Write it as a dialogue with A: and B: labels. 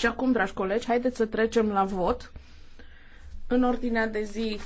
A: Și acum, dragi colegi, haideți să trecem la vot. În ordinea de zi